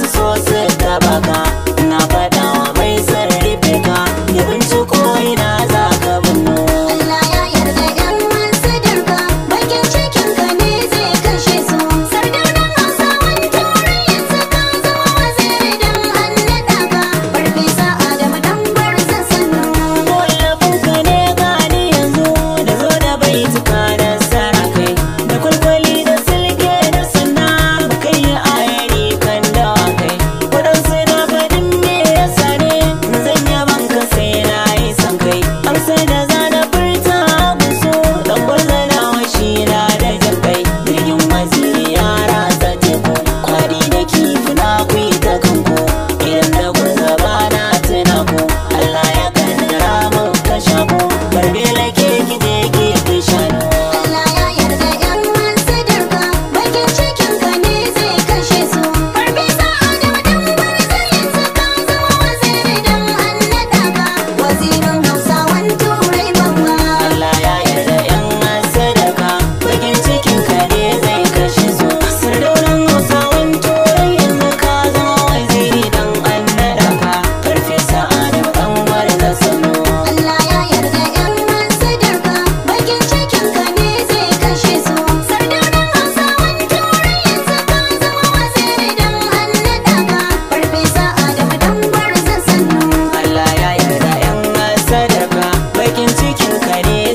sou so su taba kare